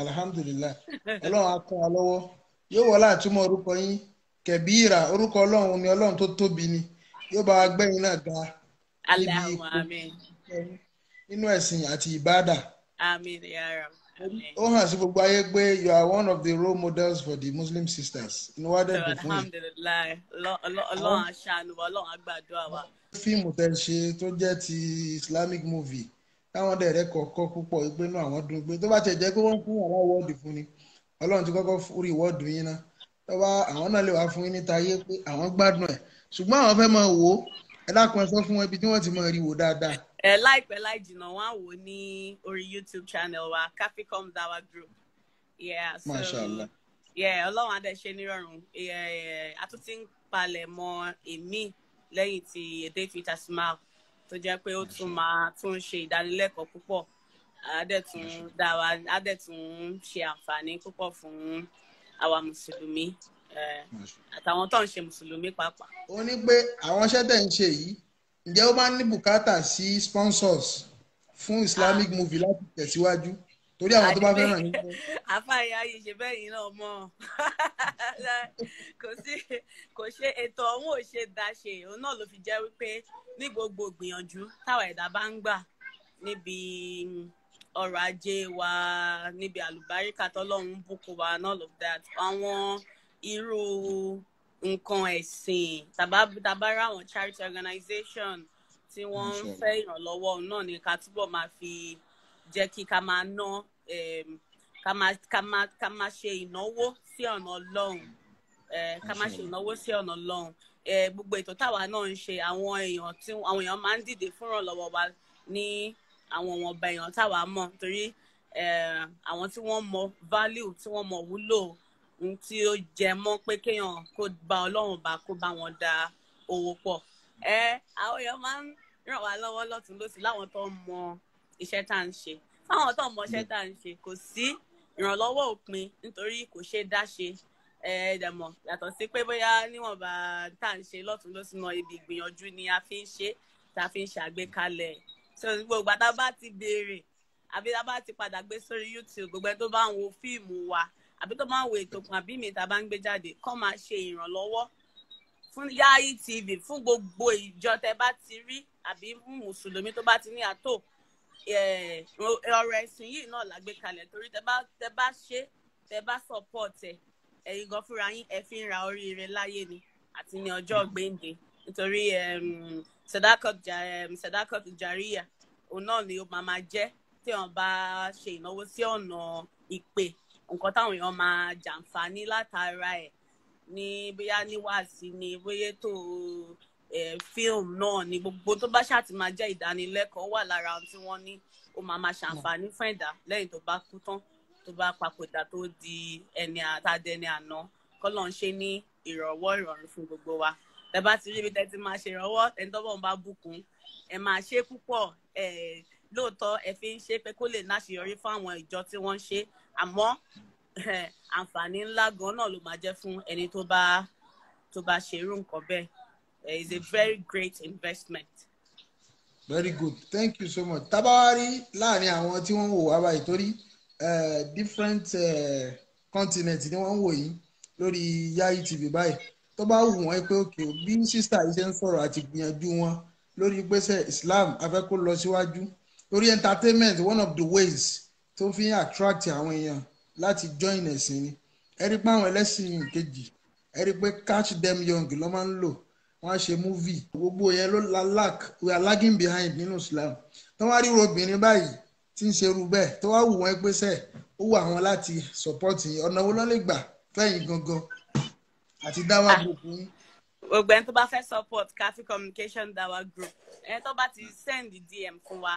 alhamdulilah ọlọ́run á kún yóò wọlé àtúmọ̀ orúkọ yín kẹ̀bíìrà orúkọ ọlọ́run ni ọlọ́run tó tóbi ni yóò bá wa náà ga níbi nínú ẹ̀sìn àti ìbádà. ó hàn sí gbogbo ayé pé you are one of the role models for the muslim sisters inú wa dẹ̀ dùn fún yìí. alhamdulilah aṣáánu wa agbàdo àwa. fíìmù tẹ ṣe tó jẹ́ ti islamic movie káwọn dẹ̀rẹ́ kọ̀ọ̀kọ́ púpọ̀ pé inú àwọn dùn pé tó bá tiẹ̀ pé wọ́n fún àwọn wọ́ọ̀dù fún ni ọlọ́run ti kọ́kọ́ rí wọ́ọ̀dù yín náà tó bá àwọn náà lè wá fún yín níta ayé pé àwọn gbádùn ẹ̀ ṣùgbọ́n àwọn fẹ́ máa wò ó ẹ dákun sọ fún wọn ibi tí wọ́n ti máa rí wò dáadáa. ẹ láìpẹ́ láì jìnnà wọ́n á wò ó ní orí YouTube channel wa Kafilcom Dawa Group yeah so Mashallah. yeah ọlọ́run adẹ́ṣe nírọ̀rùn àtúntí ń palẹ̀ mọ́ èmi lẹ́yìn ti èdè fi smile tó jẹ́ pé ó tún máa tún ṣe ìdánilẹ́kọ̀ọ́ púpọ̀ adẹ́tún dára adẹ́tún ṣe àǹfààní púpọ̀ fún àwa mùsùlùmí àtàwọn tó ń ṣe mùsùlùmí pàápàá. ó ní pé àwọn iṣẹ́ tẹ̀ ń ṣe yìí ǹjẹ́ ó máa ní bùkátà sí sponsors fún Islamic ah. movie láti tẹ̀síwájú. Si torí àwọn tó bá fẹ́ràn yín. àfààyè ayé ṣe bẹ́ẹ̀ yín náà mọ̀ kò sí kò ṣe ètò ọ̀hún ò ṣe dáṣe òun náà ló fi jẹ́ wípé ní gbogbo gbìyànjú táwa ẹ̀dá bá ń gbà níbi ọrọ̀ ajé wa níbi àlùbáríkà tọ́lọ́run bùkún wa and all of that àwọn irú nǹkan ẹ̀sìn tàbára àwọn charity organization tí wọ́n ń fẹ́ ìrànlọ́wọ́ náà ni ká túbọ̀ máa fi jẹ́ kí ká máa ná ká máa ṣe ìnáwó sí ọ̀nà ọlọ́run ká máa ṣe ìnáwó sí ọ̀nà ọlọ́run gbogbo ètò táwa náà ń ṣe àwọn èèyàn tí àwọn èèyàn máa ń dìde fúnràn lọ́wọ́ wa ní àwọn ọ̀wọ̀nba èèyàn táwa mọ̀ torí àwọn tí wọ́n mọ value tí wọ́n mọ wúlò ohun tí ó jẹ mọ́ pé kéèyàn kó bá ọlọ́run bá kó bá wọn da owó pọ̀ àwọn èèyàn máa ń ràn wá lọ́wọ́ lọ́tún lósì láwọn tó mọ iṣẹ́ tá à ń ṣe fáwọn tó ń mọṣẹ́ mm. tá à ń ṣe kò sí ìrànlọ́wọ́ òpin nítorí kò ṣeé dá ṣe ẹ̀ẹ́dẹ̀mọ̀ yàtọ̀ sí pé bóyá níwọ̀nba tá à ń ṣe lọ́tún lọ́sùn náà ibi ìgbìyànjú ni a fi ń ṣe tá a fi ń ṣàgbékalẹ̀ so gbogbo àtà bá ti béèrè àbí tá a bá ti padà gbé sórí YouTube gbogbo ẹni tó bá ń wo fíìmù wa àbí tó bá ń wo ètò kan àbí mi tá a bá ń gbé jáde kó máa ṣe ìrànlọ́wọ́ fún Yayi TV fún gbogbo ìjọ tẹ bá ti rí àbí mùsùlùmí tó bá ti ní àtò ọ̀rọ̀ ẹ̀sìn yìí náà la gbé kalẹ̀ torí tẹ bá tẹ bá ṣe tẹ bá support ẹ ẹ̀yin gan fúnra yín ẹ fi ń ra oríire láyé ni àti ní ọjọ́ hmm. gbéǹde nítorí um, um, sadakot jariya òun náà ni ó máa máa jẹ́ tí wọ́n bá ṣe ìnáwó sí ọ̀nà ìpè nǹkan táwọn èèyàn máa jàǹfààní látara ẹ̀ ní bóyá ní wàásì ni bóyá tó Eh, fíìmù náà ni gbogbo tó bá ṣáà ti máa jẹ́ ìdánilẹ́kọ̀ọ́ wà lára ohun tí wọ́n ní ó máa máa ṣàǹfààní fún ẹ̀dá lẹ́yìn tó bá kú tán tó bá papòdà tó di ẹni àtàdẹni àná kọ́lọ̀ ń ṣe ní ìrọ̀wọ́ ìrọ̀rùn fún gbogbo wa tẹ bá ti rí ibi tẹ ti máa ṣe ìrànwọ́ ẹni tó bọ̀ ń bá bùkún ẹ máa ṣe púpọ̀ ẹ lóòótọ́ ẹ fi ń ṣe pé kó lè láṣeyọrí fún àwọn ìjọ tí wọ́n ń ṣe àmọ́ eh, àǹfààní ńlá gan náà ló máa jẹ́ fún ẹni tó bá tó bá ṣerú nǹkan bẹ́ẹ̀ is a very great investment. very good thank you so much tabawari láàrin àwọn tí wọ́n ń wò wá báyìí torí different uh, continent ni wọ́n ń wò yìí lórí Yayi TV báyìí tó bá wù wọ́n pé òkè bí sísá yìí ṣe ń sọ̀rọ̀ àti gbìyànjú wọn lórí pèsè Islam afẹ́ kó lọ síwájú lórí entertainment one of the ways tó fi ń attract àwọn èèyàn láti join ẹ̀sìn ni ẹ rí pé àwọn ẹlẹ́sìn kejì ẹ rí pé catch them young ló máa ń lò wọ́n á ṣe múvì gbogbo yẹn ló lack we are lagging behind nínú Islam tó wá ríro obìnrin báyìí tí ń ṣerú bẹ́ẹ̀ tó wá wù wọ́n pé sẹ́ ó wù àwọn láti support yín ọ̀nà wo lọ́n lè gbà fẹ́yìn gangan àti dáwà group yín. gbogbo tó bá fẹ́ support Kafi Communication Dawa Group ẹni tó bá ti send DM fún wa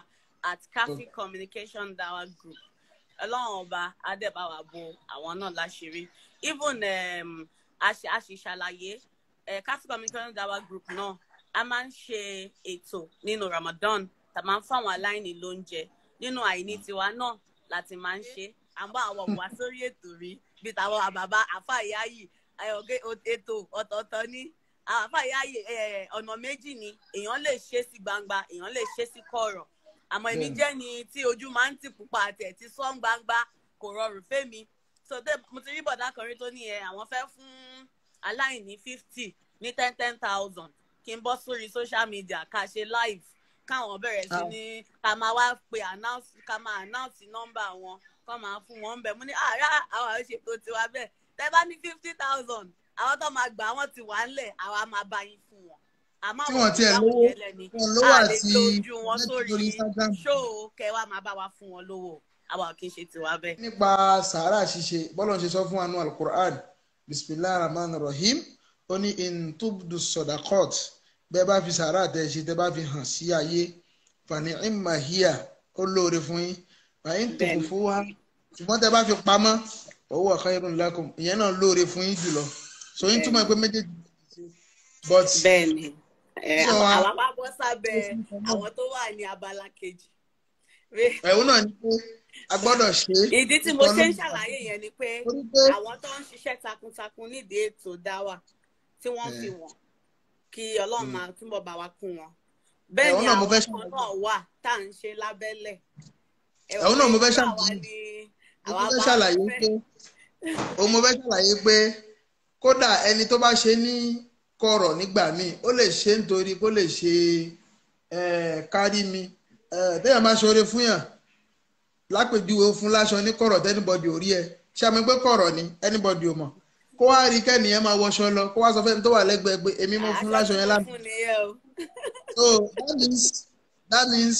at Kafi Communication Dawa Group ọlọ́run ọba adébáwá bo àwọn náà láṣìírí even um, a ṣe ṣàlàyé Eh, Catholic Community Dawa Group náà a máa ń ṣe ètò nínú Ramadan tá a máa ń fáwọn aláìní lóúnjẹ nínú àìní tiwa náà láti máa ń ṣe àmọ́ àwọn wà sórí ètò rí bíi tàwọn àbàbà àfàyàyì eh, ètò ọ̀tọ̀ọ̀tọ̀ ní àfàyàyì eh, ọ̀nà méjì ni èèyàn lè ṣe sí gbangba èèyàn lè ṣe sí kọ̀rọ̀ àmọ́ èmi jẹ́ ni tí ojú máa ń tì pupa àti ẹ̀ tí gbangba kò rọrùn fẹ́mi so mo ti rí bọ̀dá kan rí tó ní ẹ àwọn fẹ́ fún aláìní fifty ní ten ten thousand kí n bọ́ sórí social media ká ṣe live káwọn bẹ̀rẹ̀ sí ní ká máa wá pe announce ká máa announce number wọn kó máa fún wọn bẹ̀ mo ní àárá ah, àwọn àwọn ṣètò tiwa bẹ́ẹ̀ tẹ́ bá ní fifty thousand àwọn tó máa gbà wọ́n ti wà ńlẹ̀ àwa máa bá yín fún wọn àmọ́ àwọn tí wọ́n lówó wọn lówó àti lójú wọn sórí ṣóò kẹwàá máa bá wa fún wọn lówó àwa kì í ṣe tiwa bẹ́ẹ̀. nípa sàárà ṣíṣe bọ́lá ń ṣe sọ fún wa alukur'an bisimilahi rahman rahim ó ní intubdu sodakot bẹ́ẹ̀ bá fi sàárà tẹ́ ṣe tẹ́ bá fi hàn sí ayé fani imahia ó lóore fún yín fani tukufuwa ṣùgbọ́n tẹ́ bá fi pamọ́ owó ọ̀kan irun lakum ìyẹn náà lóore fún yín jùlọ so yín túmọ̀ pé méjèèjì but. bẹ́ẹ̀ni àwọn àwa bá bọ́ sábẹ́ àwọn tó wà ní abala kejì ẹ̀hún náà ni pé a gbọ́dọ̀ ṣe. ìdí tí mo ṣe ń ṣàlàyé yẹn ni pé àwọn tó ń ṣiṣẹ́ takuntakun nídìí ètò dáwà tí wọ́n fi wọ̀n kí ọlọ́run máa hmm. túbọ̀ bá wa kún wọn. bẹ́ẹ̀ ni àwọn ọmọ náà wà tá à ń ṣe lábẹ́lẹ̀. ẹ̀hún náà mo fẹ́ ṣàlàyé mo fẹ́ ṣàlàyé pé òun mo fẹ́ ṣàlàyé pé kódà ẹni tó bá ṣe ní kọ̀rọ̀ nígbà míì ó lè ṣe nítorí kó lè ṣe kárí mi téèyàn máa ṣoore fún yàn lápèjúwe fún láṣọ ní kọ̀rọ̀ tẹ́nibọ̀dì ò rí ẹ ṣé àmì pé kọ̀rọ̀ ni anybody ò mọ̀ kó wá rí kẹ́nìyẹn máa wọṣọ lọ kó wá sọ fẹ́mi tó wà lẹ́gbẹ̀ẹ́ pé èmi mo fún láṣọ yẹn lánàá. that means that means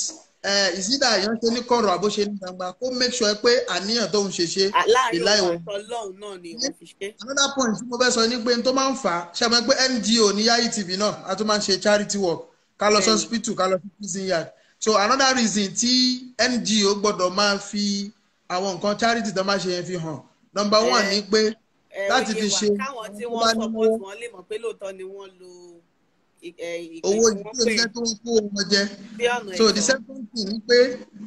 ìsídà èèyàn ṣe ní kọ̀rọ̀ àbó ṣe ní gbangba kó make sure pé àníyàn tó ń ṣe ṣe ìlà another point tí mo fẹ́ sọ ni pé n tó charity work so another reason tí NGO gbọ́dọ̀ máa fi àwọn nǹkan charity tó máa ṣe yẹn fi hàn number one eh, ni pé eh, láti fi ṣe owó ìgbésẹ̀ eh, tó ń kó wọn jẹ so the second thing ni pé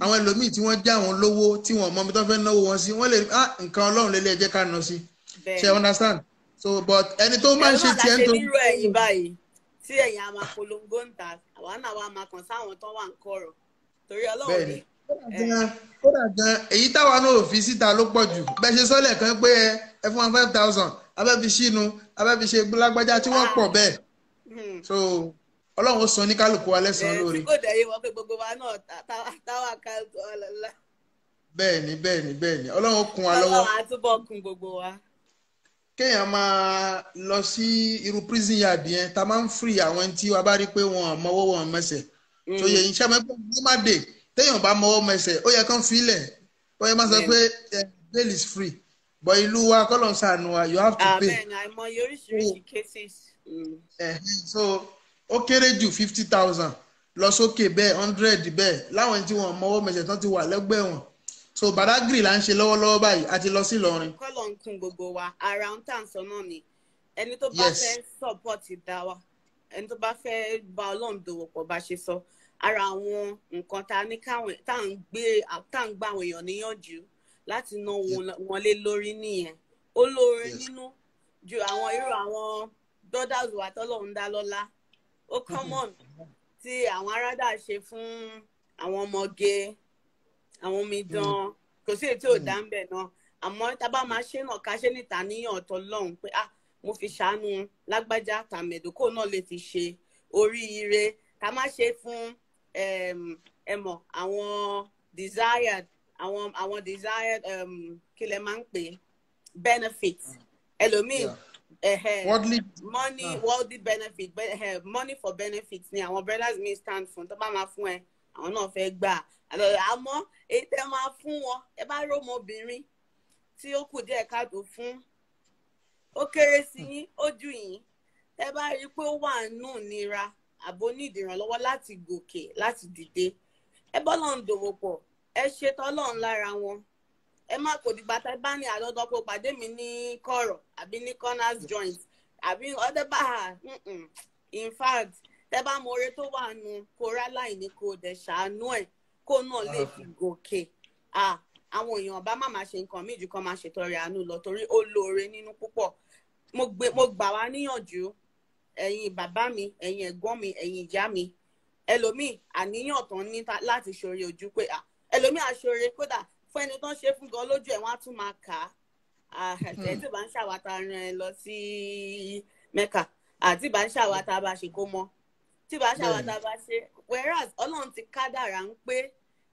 àwọn ẹlòmíì tí wọ́n já wọn lówó tí wọ́n mọ̀ bí wọ́n fẹ́ náwó wọn sí wọ́n lè ah nǹkan Ọlọ́run lélẹ̀ ẹ̀jẹ̀ ká ná sí ṣe understand so but ẹni tó máa ń ṣe tiẹ̀ tó. ẹ lọ́la ṣe tí ẹ̀yin a máa polongo ń ta àwa náà wà máa kàn sáwọn tó wà ń kọ̀rọ̀ torí ọlọ́run ní. kódà gan èyí táwa náà ò fi síta ló pọ̀ jù bẹ́ẹ̀ ṣe sọ́lẹ̀ kan pé ẹ fún wọn five thousand abẹ́ fi ṣínu abẹ́ fi ṣe lágbájá tí wọ́n pọ̀ bẹ́ẹ̀ hmm. so ọlọ́run ó san ní kálukú wa lẹ́sàn-án lórí. kò dẹ̀ bẹ́ẹ̀ ni bẹ́ẹ̀ ni bẹ́ẹ̀ ni ọlọ́run kún wa lọ́wọ́. ọlọ́run àtúbọ̀ kún gbogbo wa kéèyàn máa lọ sí irú prison yard yẹn ta máa ń free àwọn tí wàá bá rí pé wọn mọwọ́ wọn mẹsẹ̀ tó yẹ iṣẹ́ mẹ́fọ́ má dé téèyàn bá mọwọ́ mẹsẹ̀ ó yẹ kán filẹ̀ ó yẹ má sọ pé eh, bail is free but ìlú wa kọ́lọ̀ sànù wa you have to Amen. pay. àmín oríṣiríṣi cases. Mm. Eh, so ó kéré jù fifty thousand lọ sókè bẹ́ẹ̀ hundred bẹ́ẹ̀ láwọn tí wọ́n mọwọ́ mẹsẹ̀ tán ti wà lẹ́gbẹ̀ẹ́ wọn so badagry là ń ṣe lọ́wọ́lọ́wọ́ báyìí a ti lọ sí Ìlọrin. kọ́lọ̀ ń kún gbogbo wa ara ń sọ náà ni ẹni tó bá fẹ́ support dá wa ẹni tó bá fẹ́ bá ọlọ́run dòwò pọ̀ bá ṣe sọ ara àwọn nǹkan tá a ní káwọn tá à ń gbé tá à ń gbà àwọn èèyàn níyànjú láti ná wọn lé lórí nìyẹn ó nínú ju àwọn irú àwọn brothers wa tọ́lọ́run dá lọ́lá ó common mm-hmm. tí àwọn arádà ṣe fún àwọn ọmọge àwọn omidan mm. kò sí ètò òdà mm. ń náà àmọ́ tábà máa ṣe náà ká ṣe níta níyàn ọ̀tọ̀ lọ́hùn pé ah mo fi ṣàánú lágbájá tàmẹ̀dókò náà lè fi ṣe oríire ká má ṣe fún ẹmọ àwọn desired àwọn àwọn desired kí lẹ máa ń pè benefit mm. ẹlòmíì money ah. worldly benefit money for benefit ni àwọn brothers mi stand fún tó bá máa fún ẹ àwọn náà fẹ́ gbà àmọ́ èyí tẹ́ máa fún wọn ẹ bá rómọ obìnrin tí ó kù díẹ̀ káàtó fún ó kéré sí yín ó jù yín ẹ bá rí i pé ó wà nù nira àbó ní ìdìrànlọ́wọ́ láti gòkè láti dìde ẹ bọ́lọ̀ ń dòwò pọ̀ ẹ ṣetán ọlọ́run lára wọn ẹ má kò dìgbà tá ẹ bá ní àdọ́dọ́pọ̀ pàdé mi ní kọ̀rọ̀ àbí ní corners joint àbí ọdẹ in fact tẹ bá mọ oore tó wà nù kó rálá ìní kó dẹ̀ ṣàánú ẹ̀ kó náà lè fi gòkè àwọn èèyàn bá má máa ṣe nǹkan míì ju kan máa ṣètọrẹ àánú lọ torí ó lóore nínú púpọ̀ mo gbà wá níyànjú ẹ̀yin bàbá mi ẹ̀yin ẹ̀gbọ́n mi ẹ̀yin ìyá mi ẹlòmíì àníyàn tán ní láti ṣoore ojú pé ẹlòmíì àṣoore kódà fún ẹni tó ṣe fún gan lójú ẹ̀ wọ́n á tún máa kà á àṣẹ hmm. tí bá ń ṣàwátà rìn lọ sí mẹ́kà àti bá ń ṣàwátà bá ṣe kó mọ́ tí bá ṣàwátà bá ṣe whereas ọlọ́run ti kádàrá ń pé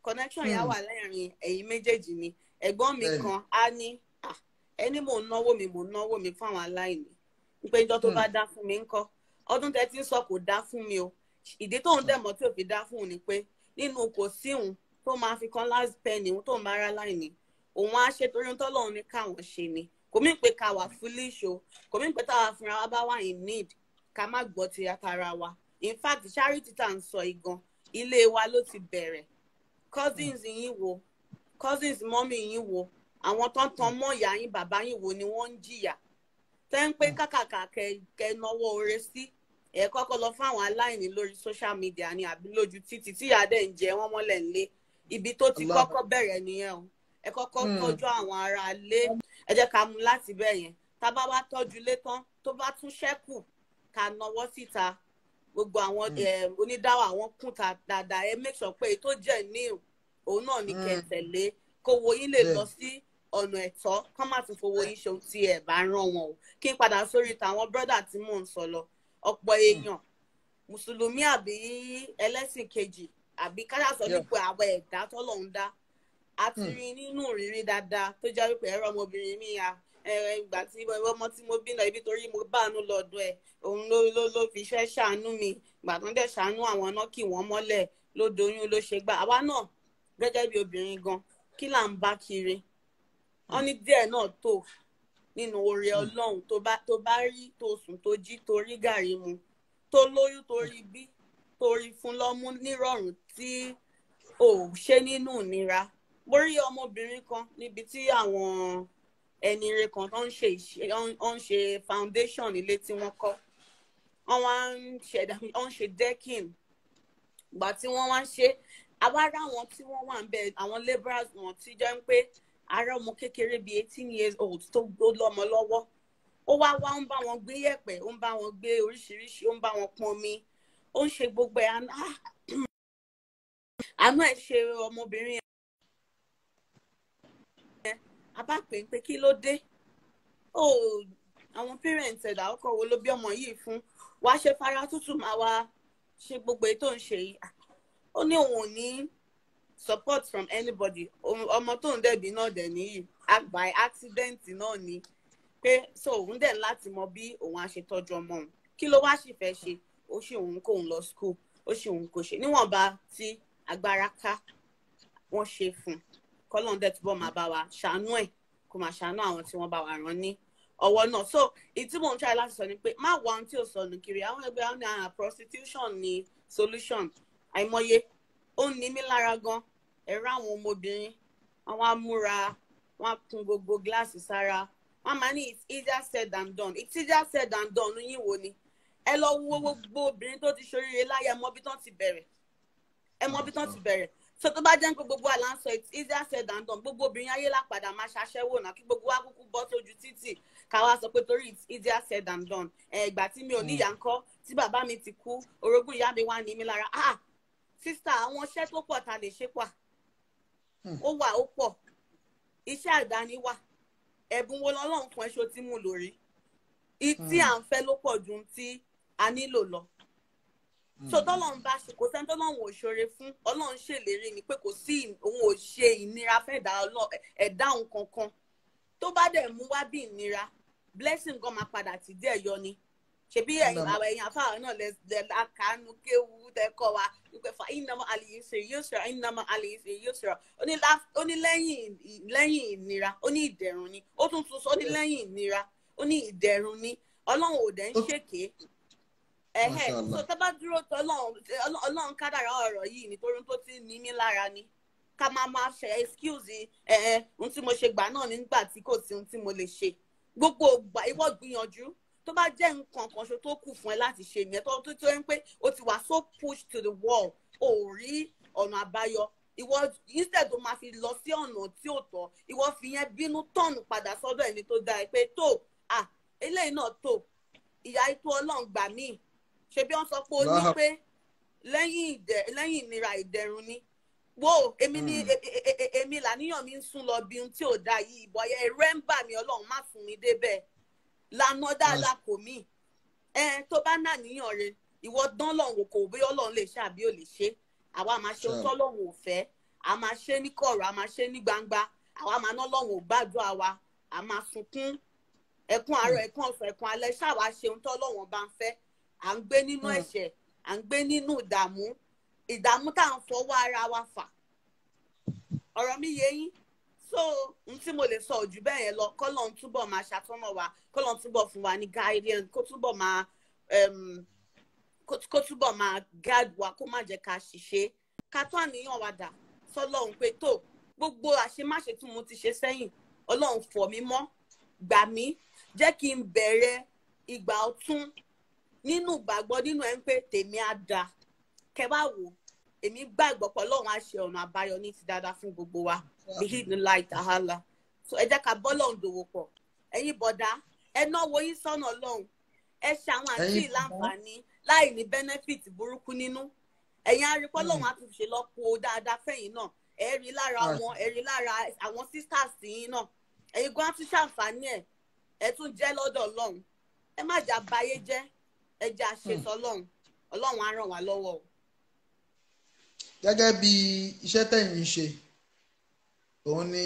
connection yà hmm. wà láàrin ẹ̀yin méjèèjì ni ẹ̀gbọ́n mi kan á ní ẹni mò ń náwó mi mò ń náwó mi fún àwọn aláìní pé ìjọ tó hmm. bá dá fún mi ńkọ́ ọdún tẹ ti ń sọ kò dá fún mi o ìdí tóun hmm. dẹ̀mọ́ tí ò dá fún un ni pé nínú kò sí òun tó máa fi kan last penny òun tó ń bára láìní òun á ṣe torí ohun tọ́lọ́run ní káwọn ṣe ni kò mí pé ká wà foolish o kò mí pé táwa fúnra wa bá wà in need ká má gbọ́ ti atara wa in fact charity tá à ń sọ igan ilé wa ló ti bẹ̀rẹ̀ cousins yín wo cousins mọ́mì yín wo àwọn tó ń tan mọ́ ìyá yín bàbá yín wo ni wọ́n ń jìyà tẹ́ ń pé hmm. kàkàkà kẹ náwó oore sí ẹ kọ́kọ́ lọ fún àwọn aláìní lórí social media ni àbí lójú títì tí adé ń jẹ wọ́n mọ́lẹ̀ ńlé ibi tó ti kọ́kọ́ bẹ̀rẹ̀ nìyẹn o ẹ kọ́kọ́ hmm. tọ́jú àwọn ará ilé ẹ jẹ́ ká mú láti bẹ̀ yẹn tá bá wá tọ́jú ilé tán tó bá tún ṣẹ́kù ká náwó síta gbogbo àwọn hmm. eh, onídàáwọ̀ àwọn kùn dáadáa ẹ make sure pé èyí tó jẹ́ níwò òun náà ní kẹ́ mm. tẹ̀lé kówó yín lè lọ sí ọ̀nà ẹ̀tọ́ kán má ti fowó yín ṣe ohun tí ẹ̀ bá ràn wọ́n o kí n padà sórí tàwọn brọ́dà tí mò ń sọ lọ ọ̀pọ̀ mm. èèyàn mùsùlùmí àbí ẹlẹ́sìn kejì àbí káyà sọ nípa àwọn ẹ̀dá tọ́lọ̀ ń dá a ti mm. rí nínú ìrírí dáadáa tó jẹ́ wípé ẹ̀rọ ọmọbìnrin mi ya ìgbà tí ọmọ tí mo bí náà ibi torí mo bá àánú lọ́dọ̀ ẹ̀ òun ló ló ló fi iṣẹ́ ṣàánú mi ìgbà tó ń dẹ̀ ṣàánú àwọn náà kì wọ́n mọ́lẹ̀ ló doyún ló ṣe gbà àwa náà gẹ́gẹ́ bí obìnrin gan kí là ń bá kiri wọ́n ní díẹ̀ náà tó nínú oore hmm. ọlọ́run tó bá rí tó sùn tó jí tó rí gàrí mu tó lóyún tó rí bí tó rí fún lọ́mú nírọ̀rùn tí ò ṣe nínú ìnira borí ọmọbìnrin kan níbi tí àwọn ẹni rẹ kan tó ń ṣe foundation ilé tí wọ́n kọ́ wọ́n wá ń ṣe decking ìgbà tí wọ́n wá ń ṣe é àwa ará wọn tí wọ́n wà ń bẹ àwọn labourers wọn tí jẹ́ ń pé ará ọmọ kékeré bíi eighteen years old tó gbó lọ́mọ lọ́wọ́ ó wá wá ó ń bá wọn gbé yẹ̀pẹ̀ ó ń bá wọn gbé oríṣiríṣi ó ń bá wọn pọn omi ó ń ṣe gbogbo ẹ̀ àánú ẹ̀ ṣe ọmọbìnrin ẹ̀ abápè pé kí ló dé ó àwọn parents ẹ̀dá ọkọ̀ wo ló bí ọmọ yìí fún wàá ṣe fara tútù máa wá ṣe gbogbo ètò ń ṣe yìí ó ní òun ò ní support from anybody ọmọ tó ń dẹ̀bi náà dẹ̀ nìyí by accident náà ni pé so òun dẹ̀ láti mọ bí òun á ṣe tọ́jú ọmọ òun kí ló wá sì fẹ́ ṣe ó ṣe òun kò ń lọ school ó ṣe òun kò ṣe níwọ̀nba tí agbára ká wọ́n ṣe fún kọ́lọ́n dẹ̀ túbọ̀ máa bá wa ṣàánú ẹ̀ kó máa ṣàánú àwọn tí wọ́n bá wa rán ní ọwọ́ náà so ìtí mò ń ṣàì láti sọ ni pé má wá ohun tí ò sọnù kiri àwọn ẹgbẹ́ àwọn prostitution ni solution àìmọye ó ń ní mí lára gan ẹ̀rọ àwọn ọmọbìnrin wọn á múra wọn á kun gbogbo gíláàsì sára wọn máa ní it's easier said than done it's easier said than done yín wo ni ẹ lọ wo gbogbo obìnrin tó ti ṣoríire láyé ẹ mọ bí tán ti bẹ̀rẹ̀ ẹ mọ bí tán ti bẹ̀rẹ̀ so tó bá jẹ́ pé gbogbo àlá it's easier said than done gbogbo obìnrin ayé lápadà máa ṣaṣẹ́wò náà kí gbogbo wa kúkú bọ́ sójú títì káwa sọ pé torí it's easier said than done ẹ̀ tí mi ò níyà ńkọ́ tí bàbá mi ti kú orogún ìyá mi wá ní mi lára ah sísá àwọn iṣẹ́ tó pọ̀ ta lè ṣe pa hmm. ó wà ó pọ̀ iṣẹ́ àdáni wà ẹ̀bùn wo lọ́lọ́run fún ẹṣọ tí mo lò rí tí hmm. à ń fẹ́ ló pọ̀ ju tí a nílò lọ hmm. so tọ́lọ́run bá ṣe kò sẹ́ni tọ́lọ́run ò ṣoore fún ọlọ́run ṣèlérí ni pé kò sí òun ò ṣe ìnira fẹ́ ẹ̀dá òun kankan tó bá dẹ̀ mú wá bí ìnira blessing gan máa padà ti díẹ̀ yọ ni. Mm ṣebí àwọn èèyàn afáwọn náà lẹ lákàánú kéwu tẹkọ wa wípé fa ìnáwó àlìyé ṣe yóò ṣọ ìnáwó àlìyé ṣe yóò ṣọ ó ní lẹ́yìn ìnira ó ní ìdẹ̀rùn ni ó tún tún sọ ó ní lẹ́yìn ìnira ó ní ìdẹ̀rùn ni ọlọ́run ò dẹ̀ ń ṣèké ẹ̀hẹ́ tó tábà dúró tó ọlọ́run kádàrá ọ̀rọ̀ yìí nítorí tó ti ní mí lára ni ká máa máa ṣe excuse ẹ̀ẹ́ eh, eh, ohun tí mo ṣe gbà náà nígbà tí kò sí ohun tí mo lè ṣe gbogbo ìwọ gbìyànjú tó bá jẹ́ nǹkan kan ṣo tó kù fún ẹ láti ṣe ìyẹn tó tó tó ń pé o ti wà so push to the wall o ò rí ọ̀nà àbáyọ ìwọ instead o máa fi lọ sí ọ̀nà tí ò tọ́ ìwọ fi yẹn bínú tọ̀nù padà sọ́dọ̀ ẹni tó dáa pé tó à eléyìí náà tó ìyá ètò ọlọ́run gbà míì ṣe bí wọ́n sọ pé ó ní pé lẹ́yìn ìnira ìdẹ̀rùn ni wo èmi ni hmm. e, e, e, èmi làníyàn mi ń sún lọ bí ohun tí ò dáa yìí ìbọ̀yẹ ẹ̀rẹ́ ń bà mí ọlọ́run má fún mi débẹ̀ lànà dáadáa kò mí ẹ tó bá nà níyàn rẹ ìwọ dán lọ́hùn kò bí ọlọ́run lè ṣe àbí ò lè ṣe àwa máa ṣe ohun tọ́lọ́hùn ò fẹ́ a máa ṣe ní kọ̀rọ̀ a máa ṣe ní gbangba àwa máa ná lọ́hùn ò gbàdúrà wa a máa sunkún ẹkún hmm. àárọ̀ ẹkún ọ̀sán ẹkún alẹ́ ṣáwa ṣe ohun tọ́lọ́hùn bá ń fẹ́ à ń gbé nínú hmm. ẹ̀ṣẹ̀ à ń gbé nínú ìdààmú ìdààmú tá ń fọwọ́ ara wa fà ọ̀rọ̀ mi yé yín so n tí mo lè sọ ojú bẹ́ẹ̀ yẹn lọ kọ́lọ̀ ń túbọ̀ máa ṣàtọ́nà wa kọ́lọ̀ ń túbọ̀ fún wa ní guidance kó túbọ̀ máa um, kó túbọ̀ máa guide wa kó má jẹ́ ká ṣìṣe ká tó àníyàn wa dà sọ́lọ́run pé tó gbogbo àṣemáṣe tí mo ti ṣe sẹ́yìn ọlọ́run fọ̀ mí mọ́ gbà mí jẹ́ kí n bẹ̀rẹ̀ ìgbà ọ̀tun nínú ìgbàgbọ́ nínú ẹ̀ ń pé tèmi á da kẹ wá wò ó èmi gbàgbọ́ pé Ọlọ́run á ṣe ọ̀nà àbáyọ ní ti dáadáa fún gbogbo wa bihid nla ìtàhálà so ẹ jẹ́ ká bọ́ lọ́run dòwò pọ̀ ẹ̀yin bọ̀dá ẹ náwó yín sọ́nà Ọlọ́run ẹ ṣe àwọn àti ìlànfààní láì ní benefit burúkú nínú ẹ̀yin arìpọ̀ lọ́run á tún ṣe lọ́pọ̀ dáadáa fẹ̀yìn náà ẹ rí lára wọn ẹ rí lára àwọn sisters yín náà ẹ̀yin gan tún ṣàǹfààní ẹ̀ ẹ tún jẹ́ lọ́dọ̀ Ọlọ́run ẹ má jà báyé jẹ́ ẹ jà ṣètò hmm. Ọlọ́run Ọlọ́run á ràn wá lọ́wọ́ o gẹ́gẹ́ bí iṣẹ́ tẹ̀yin ṣe òun ni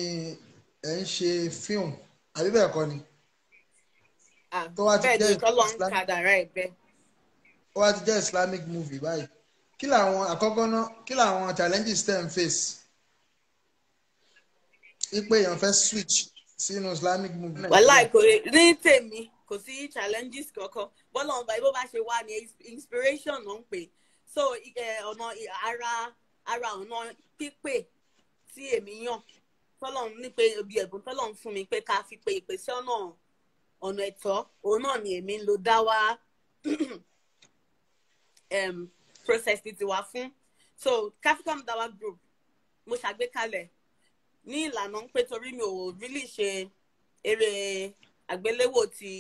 ẹ̀ ń ṣe fíìmù àbí bẹ́ẹ̀ kọ́ ni. tó wá ti jẹ́ tó wá ti jẹ́ Islamic movie báyìí kí làwọn àkọ́kọ́ náà kí làwọn challenges tẹ̀ ń face ipe èèyàn fẹ́ switch sínú Islamic movement. wàhálà ìkórè ní tèmi kò sí challenges kankan bọ́lá ọba ibo bá ṣe wà ní inspiration ló ń pè so ọ̀nà ara ara ọ̀nà pípé tí èmi yàn tọ́lọ́run ní pé ibi ẹ̀bùn tọ́lọ́run fún mi pé ká fi pe ìpèsè ọ̀nà ọ̀nà ẹ̀tọ́ òun náà ni èmi ń lo dáwà um, process ti tiwa fún so capricorn dawa group mo ṣàgbékalẹ̀ ní ìlànà ń pé torí mi ò really ṣe eré àgbéléwò ti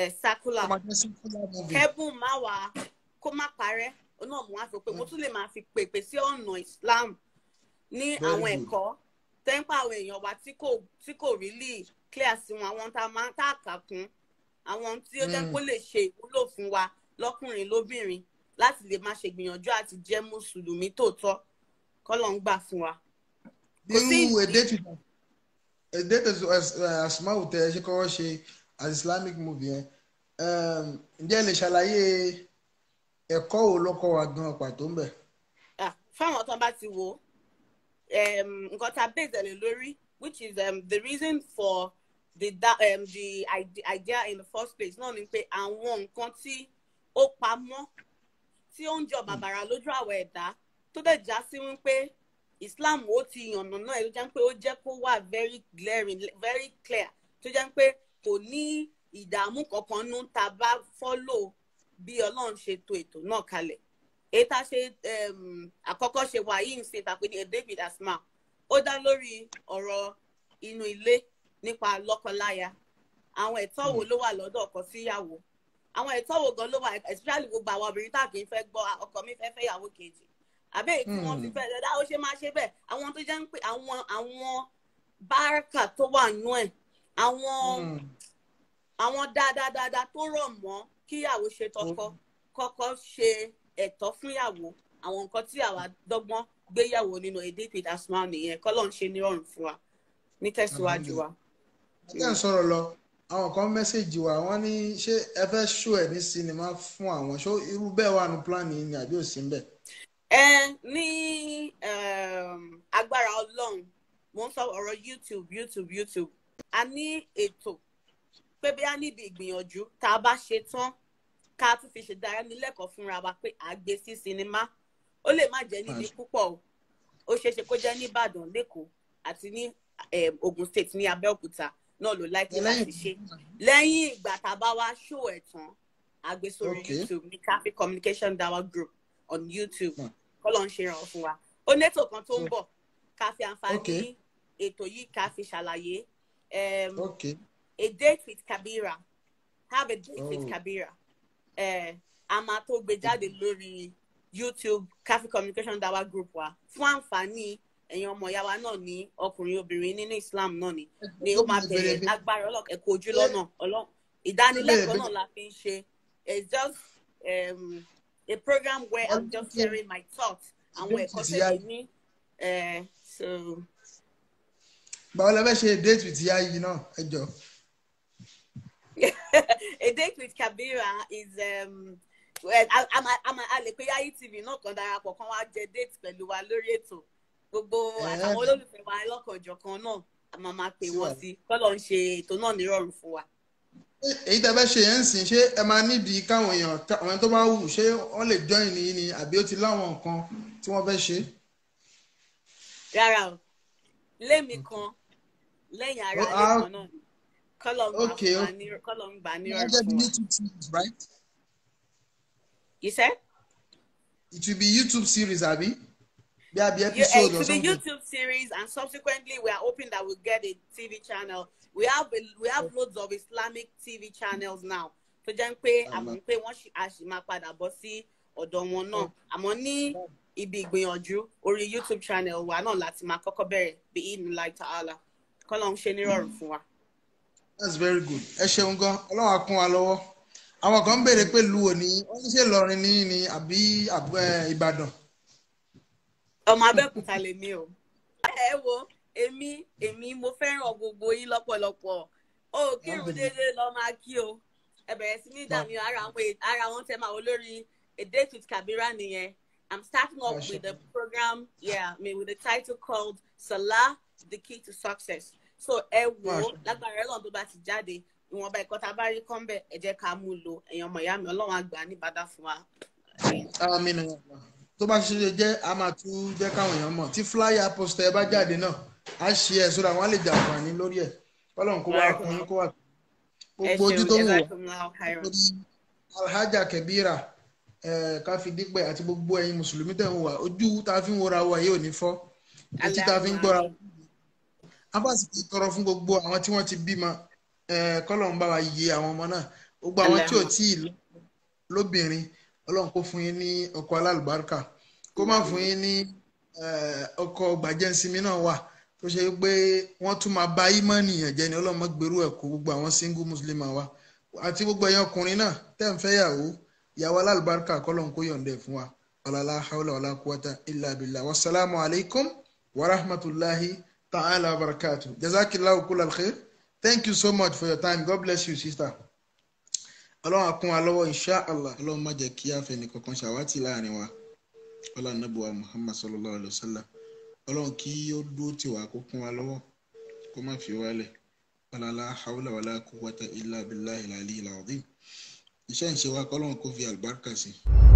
eh, circular kẹ́bùn má wà kó má parẹ́ náà mo wá sọ pé mo mm. tún lè máa fi pèpè sí ọ̀nà Islam ní àwọn ẹ̀kọ́ tẹ́ńpà àwọn èèyàn wa tí kò tí kò rí lì clear sí wọn àwọn tá a máa ń tààkà kún àwọn tí ó jẹ́ mm. kó lè ṣe ìwúlò fún wa lọ́kùnrin lóbìnrin láti lè máa ṣe gbìyànjú àti jẹ́ mùsùlùmí tòótọ́ kọ́lọ̀ ń gbà fún wa. nínú èdè tuntun èdè tuntun àsùnmáwò tẹ ẹ ṣe kọ́kọ́ ṣe as Islamic movie yẹn um, ǹjẹ́ lè ṣàlàyé ẹ̀kọ́ wo ló kọ́ wa gan pàtó ń bẹ̀. Ah, fáwọn tó bá ti wo um, nǹkan tá a bèèrè lè lórí which is um, the reason for the, um, the idea in the first place náà ni pé àwọn nǹkan tí ó pamọ́ tí ó ń jọ bàbàrà lójú àwọ̀ ẹ̀dá tó dẹ̀ já sí wípé Islam ó ti yànnà náà ló jẹ́ pé ó jẹ́ kó wà very glaring very clear tó jẹ́ pé kò ní ìdààmú kankan nú tá bá follow bí ọlọ́run ṣe to ètò náà kalẹ̀ èyí tá a ṣe àkọ́kọ́ ṣe wà yìí ń ṣe tàpé ní David Asma ó dá lórí ọ̀rọ̀ inú ilé nípa lọ́kọláya àwọn ẹ̀tọ́ wo hmm. ló wà lọ́dọ̀ ọkọ síyàwó àwọn ẹ̀tọ́ wo gan ló wà especially gbogbo àwọn obìnrin tá a kì í fẹ́ gbọ́ ọkọ mi fẹ́ fẹ́yàwó kejì àbẹ́ èyí tí wọ́n ti hmm. fẹ́ dá ó ṣe máa ṣe bẹ́ẹ̀ àwọn tó jẹ́ ń pè àwọn àwọn báràkà tó wà nú ẹ̀ àwọn hmm àwọn dáadáa tó rọ̀ mọ́ kíyàwó ṣe tọkọ kọ́kọ́ ṣe ẹ̀tọ́ fúnyàwó àwọn nǹkan tí àwa dọ́gbọ́n gbéyàwó nínú èdè peter asmau nìyẹn kọ́ ló ń ṣe nírọ̀rùn fún wa ní tẹ̀síwájú wa. ṣé ẹ̀ ń sọ̀rọ̀ lọ àwọn kan mẹ́sẹ̀gì wa wọ́n ní ṣé ẹ fẹ́ ṣó ẹ̀ ní sinimá fún àwọn ṣó irú bẹ́ẹ̀ wà ní plan yìí ni àbí ò sí bẹ́ẹ̀. ẹ ní ehm, agbára ọlọ́run mo ń sọ ọ̀rọ̀ youtube youtube youtube a ní ètò pé bí a níbi ìgbìyànjú tá a bá ṣe tán ká tún fi ṣe dára nílẹ́kọ̀ọ́ fúnra wa pé à gbé sí sinimá ó lè má jẹ́ níbi púpọ̀ o ó ṣeé ṣe kó jẹ́ ní lẹ́kọ̀ọ́ àti ní Ògùn eh, state ní Abẹ́òkúta náà ló láìpẹ́ láti ṣe lẹ́yìn ìgbà tá a bá wá ṣó ẹ̀ tán YouTube ní Cafe Communication Dawa Group on YouTube hmm. kọ́lọ̀ ń ṣe ìrànwọ́ fún wa ó nẹ́tò kan tó ń hmm. bọ̀ ká fi àǹfààní ètò yìí ká fi ṣàlàyé a date with kabira have a date oh. with kabira uh, a máa tó gbé jáde lórí youtube Cafe communication dawa group wa fún àǹfààní ẹ̀yin ọmọ ìyá wa náà ní ọkùnrin obìnrin nínú islam náà ni ni ó máa bẹ̀rẹ̀ lágbára ọlọ́kọ̀ ẹ̀kọ́ ojú lọ́nà ọlọ́run ìdánilẹ́kọ̀ọ́ náà la fi ń ṣe it's just um, a program where i'm just sharing my thoughts àwọn ẹ̀kọ́ tẹ̀lé ní eh, so. báwo la fẹ́ ṣe date with yaayi náà ẹ jọ a date with kabira is um, well, a lè pe yayi tv náà kan darapọ̀ kan wa jẹ date pẹ̀lú wa lórí ètò gbogbo eh. àtàwọn olólùfẹ́ wa lọ́kọ̀ọ̀jọ̀kan náà a máa máa pè wọ́n sí kọ́lọ̀ ń ṣe ètò náà nírọ̀rùn fún wa. èyí tá a fẹ́ ṣe yẹn ń sìn ṣé ẹ máa nídìí káwọn èèyàn àwọn tó bá wù ṣé wọ́n lè join ní ni àbí ó ti láwọn nǹkan tí wọ́n fẹ́ ṣe. rárá o lémi kan lẹ́yìn ara lẹ́kan náà Kolong okay. Banir, Kolong Banir yeah, for. YouTube series, right? You said? It will be YouTube series, Abby. There eh, will be episode yeah, it will be YouTube series, and subsequently, we are hoping that we'll get a TV channel. We have a, we have loads of Islamic TV channels now. So, Jankwe, I'm going to pay once she asked Mapada Bossi or Don Wono. I'm only. ibi ìgbìyànjú orí youtube channel wa náà láti máa kọ́kọ́ bẹ̀rẹ̀ bí ìnú láì tààlà kọ́lọ́n ṣe nírọ̀rùn fún wa. that's very good ẹ ṣeun gan ọlọ́run á kún wa lọ́wọ́ àwọn kan ń béèrè pé lu òní wọ́n ní ṣe lọ́rin ní ni àbí ìbàdàn. ọmọ abẹ́òkúta lè o ẹ wo èmi èmi mo fẹ́ràn gbogbo yín lọ́pọ̀lọpọ̀ o kírun déédéé lọ́ọ́ máa kí o ẹ bẹ̀rẹ̀ sí ní dàmí ara àwọn ara wọn tẹ́ máa olórí a date with Kabira nìyẹn I'm starting up with a program yeah, I mean, with a title called Salah the key to success so ẹ wò ó lágbára Ọlọ́run tó bá ti jáde ìwọ̀nba ẹ̀kọ́ tá a bá rí kọ́ńbẹ̀ ẹ jẹ́ ká mú lò èèyàn ọmọ ìyá mi Ọlọ́run àgbà níbàdà fún wa. àmín tó bá ṣe jẹ́ a máa tún jẹ́ káwọn èèyàn mọ̀ tí flyer poster ẹ bá jáde náà a ṣe ẹ̀ sódà wọ́n á lè jàǹfààní lórí ẹ̀ Ọlọ́run kó wá kún yín kó wà gbogbo ojú tó wò alhaja kebira káfíndípẹ̀ àti gbogbo ẹ̀yin mùsùlùmí tẹ̀ ń wà ojú tá a fi ń wọra wa yìí ò ní fọ́ etí tá a fi ń gbọ́ra wa abásìkò tọrọ fún gbogbo àwọn tí wọ́n ti bímọ kọ́lọ̀ ń bá wa yé àwọn ọmọ náà gbogbo àwọn tí ò tí ì lóbìnrin ọlọ́run kó fún yín ní ọkọ alálùbáríkà kó má fún yín ní ọkọ gbàjẹ́nsimi náà wà tó ṣe pé wọ́n tún máa bá ímọ̀nì ẹ̀jẹ̀ ni ọlọ́run má gbèrú ẹ̀ kó gbogbo àwọn single muslim wa àti gbogbo ẹ̀yin ọkùnrin náà tẹ́ ń fẹ́yàwó ìyàwó alálùbáríkà kọ́lọ́run kó yọ̀ǹda fún wa ọ̀làlá haúlà ọ̀là kúwátà ìlà bìlà wasalaamu alaykum wa ta'ala barakatuh. Jazakillahu kullal khair. Thank you so much for your time. God bless you, sister. Ọlọ́run á kún wa lọ́wọ́ inshàlá. Ọlọ́run má jẹ́ kí àfẹnì kankan ṣàwátì láàrin wa. Ọlọ́run nàbùwà Muhammad sallallahu alayhi wa sallam. Ọlọ́run kí ó dúró tì wá kó kún wa lọ́wọ́ kó má fi wálẹ̀. Ọlọ́lá hawla wàlá quwwata illa billahi al-aliyyil azim. Iṣẹ́ ìṣe wa kọ́lọ́run kó fi àlùbáríkà sí i.